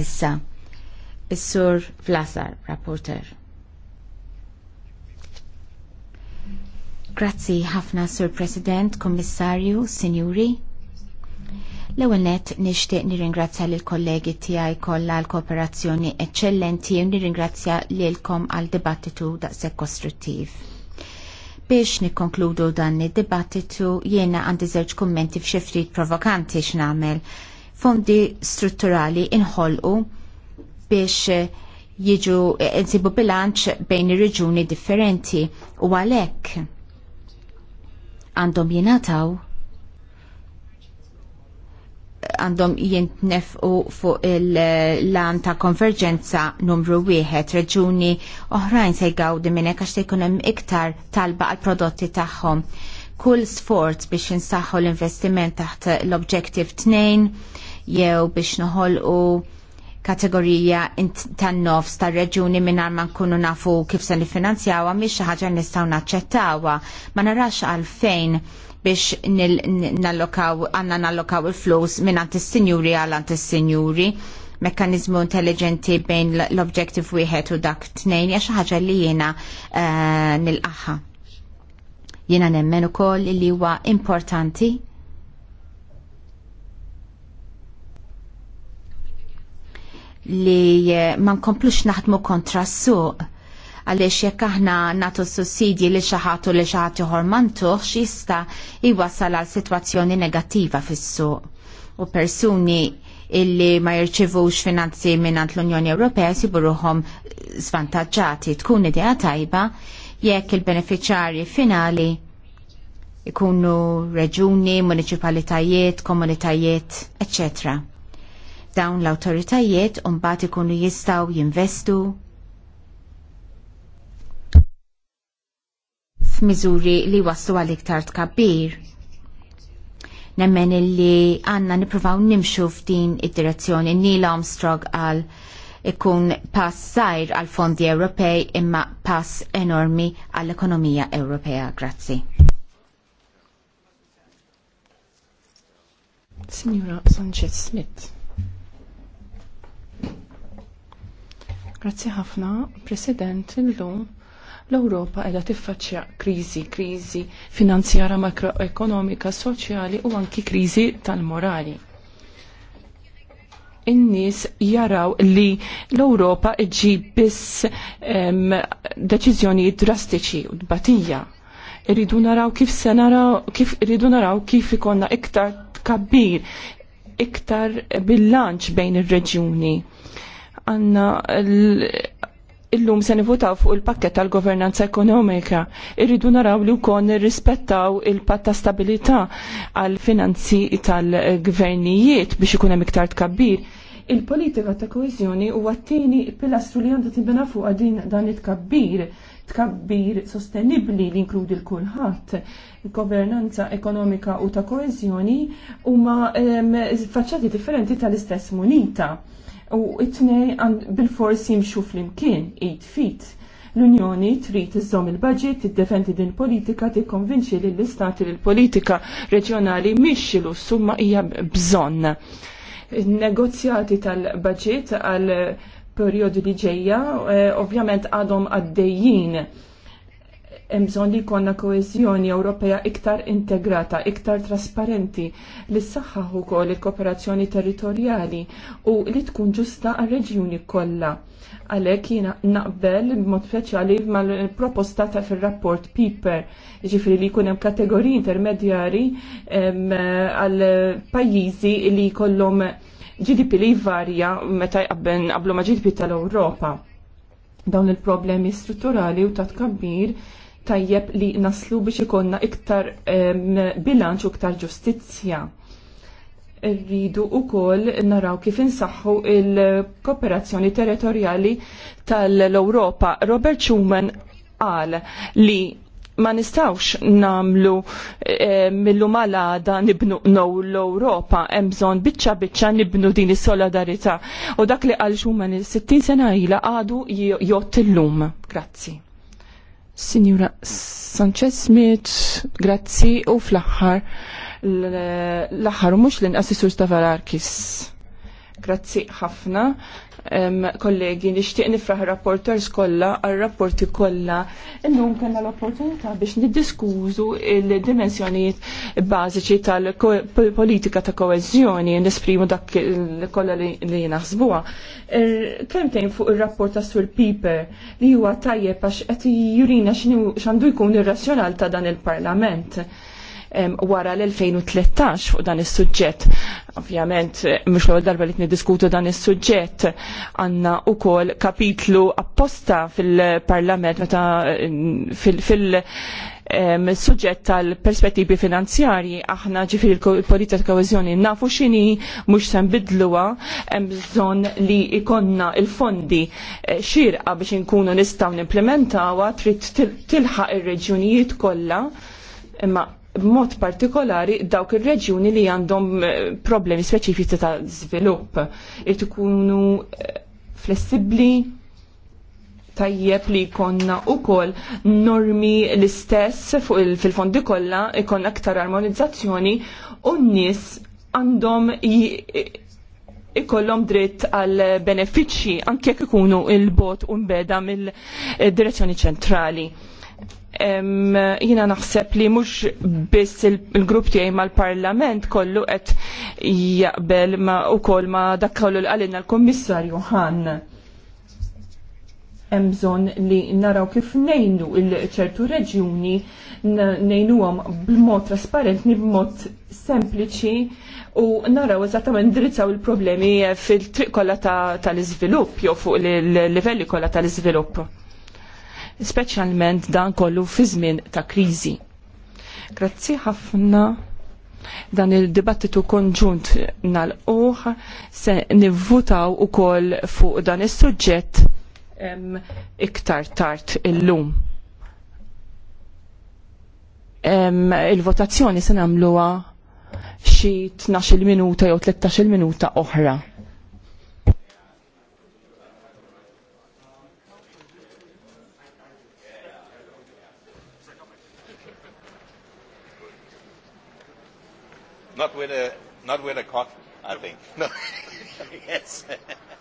Issa, Is-Sur Vlasar, rapporter. Grazzi ħafna, Sur President, Kommissarju, Sinjuri. L-ewwel nett nixtieq nirringrazzja lil kollegi tiegħi kollha l kooperazzjoni eċċellenti u nirringrazzja lilkom għal dibattitu daqshekk kostruttiv. Biex nikkonkludu dan id-dibattitu jiena għandi żewġ kummenti f'xi ftit provokanti x'nagħmel fondi strutturali inħolqu biex eh, jiġu insibu eh, bilanċ bejn ir-reġuni differenti u għalhekk għandhom jingħataw għandhom jintnefqu fuq il-lan ta' konverġenza numru wieħed reġuni oħrajn se jgawdi minnek għax se jkun hemm iktar talba għal prodotti tagħhom. Kull sforz biex jinsaħħu l-investiment taħt l-objektiv 2 jew biex noħolqu kategorija tan-nofs tar-reġuni mingħajr ma nkunu nafu kif se nifinanzjawha mhix xi ħaġa nistgħu naċċettawha. Ma narax għalfejn biex nallokaw għanna nallokaw il-flus minn għant il-sinjuri għal għant il-sinjuri mekkanizmu intelligenti bejn l-objektiv wieħed u dak tnejn xi ħaġa li jiena uh, eh, nil Jiena nemmen ukoll li huwa importanti li eh, ma nkomplux naħdmu kontra s-suq għaliex jekk aħna natu sussidji li xaħatu li xaħatu joħor xista jista' għal sitwazzjoni negattiva fis-suq u persuni illi ma jirċivux finanzi minnant l-Unjoni Ewropea buruħom svantagġati tkun idea tajba jekk il-beneficjari finali ikunu reġuni, municipalitajiet, komunitajiet, eccetera dawn l-autoritajiet unbat ikunu jistaw jinvestu f'miżuri li waslu għal iktar tkabbir. Nemmen illi għanna nipruvaw nimxu f'din id-direzzjoni Neil Armstrong għal ikun pass sajr għal fondi Ewropej imma pass enormi għall ekonomija Ewropea. Grazzi. Signora Sanchez Smith. Grazzi ħafna, President, illum l-Ewropa qiegħda tiffaċċja kriżi, kriżi finanzjara makroekonomika, soċjali u anki kriżi tal-morali in-nies jaraw li l-Ewropa iġi biss deċiżjonijiet drastiċi u dbatija. Irridu naraw kif se naraw kif irridu naraw kif ikonna iktar kabbir, iktar bilanċ bejn ir-reġjuni għanna illum se nivotaw fuq il-pakket tal-governanza ekonomika. Irridu naraw li wkoll nirrispettaw il-patt ta' stabilità għal finanzi tal-gvernijiet biex ikun hemm iktar tkabbir. Il-politika ta' koeżjoni huwa t-tieni pilastru li għandha tibena fuq din dan it-tkabbir tkabbir sostenibli li inkludi l-kulħadd. Governanza ekonomika u ta' koeżjoni huma faċċati differenti tal-istess munita u it-tnej bil-fors jimxu fl-imkien, 8 feet. L-Unjoni trid iżżomm il-budget, tiddefendi din politika, tikkonvinċi li l-istati li l-politika reġjonali mhix summa hija bżonn. Negozjati tal-budget għal periodu li ġejja, eh, ovvjament għadhom għaddejjin bżonn li jkollna koeżjoni Ewropea iktar integrata, iktar trasparenti, li ssaħħaħ ukoll il-kooperazzjoni territorjali u li tkun ġusta għal reġjuni kollha. Għalhekk jiena naqbel b'mod speċjali mal-proposta ta' fir-rapport Piper, ġifri li jkun hemm kategoriji intermedjari għal pajjiżi li jkollhom GDP li varja meta jqabben qablu ma' GDP tal-Ewropa. Dawn il-problemi strutturali u ta' tkabbir tajjeb li naslu biex ikonna iktar bilanċ u iktar ġustizzja. Rridu u koll naraw kif insaħħu il-kooperazzjoni territorjali tal-Europa. Robert Schumann qal li ma nistawx namlu millu malada nibnu nou l-Europa, emżon bicċa bicċa nibnu din is-solidarità. U dak li għal Schumann il-60 sena ila għadu jott il-lum. Grazzi. Signora Sanchez Smith, grazzi u fl-axħar, l-axħar u mux l-inqas Sur Stavarakis. Grazzi ħafna, kollegi, nixtieq nifraħ rapporters kollha għal rapporti kollha. Illum kellna l-opportunità biex niddiskużu il-dimensjonijiet bażiċi tal-politika ta' koeżjoni nesprimu dak kolla li naħsbuha. Er, Kemm tejn fuq ir-rapport ta' Sur Piper li huwa tajjeb għax qed jurina x'għandu jkun ir-razzjonal ta' dan il-Parlament wara l-2013 fuq dan is-suġġett. Ovvjament, eh, mhux l-ewwel darba li niddiskutu dan is-suġġett għandna wkoll kapitlu apposta fil-Parlament meta eh, fil-, suġġett tal-perspettivi finanzjarji, aħna ġifiri l-politika ta' kohezjoni nafu xini mux sen bidluwa, bżon li ikonna il-fondi eh, xirqa biex inkunu nistaw n-implementawa, trid tilħaq il-reġjunijiet kollha, imma mod partikolari dawk ir-reġjuni li għandhom eh, problemi speċifiċi ta' żvilupp. Irt ikunu eh, flessibbli tajjeb li konna u kol normi l-istess fil-fondi kollha ikon aktar armonizzazzjoni u n-nies għandhom ikollhom dritt għal benefiċċji anke jekk ikunu il-bot u mbeda mill-direzzjoni ċentrali jina naħseb li mux biss il-grupp tiegħi mal-parlament kollu qed jaqbel ma ukoll ma dak kollu l għalina l-Kummissarju Han. Hemm bżonn li naraw kif nejnu il-ċertu reġjuni nejnuhom b'mod trasparenti, b'mod sempliċi u naraw eżattament indirizzaw il-problemi fil-triq kollha tal-iżvilupp jew fuq il-livelli kollha tal-iżvilupp speċjalment dan kollu fi żmien ta' kriżi. Grazzi ħafna dan il-dibattitu konġunt nal-uħ se nivvutaw u koll fuq dan is-suġġett iktar tard illum. Il-votazzjoni se nagħmluha xi 12 minuta jew 13 minuta oħra. Not with a, not with a cock, I think. No. yes.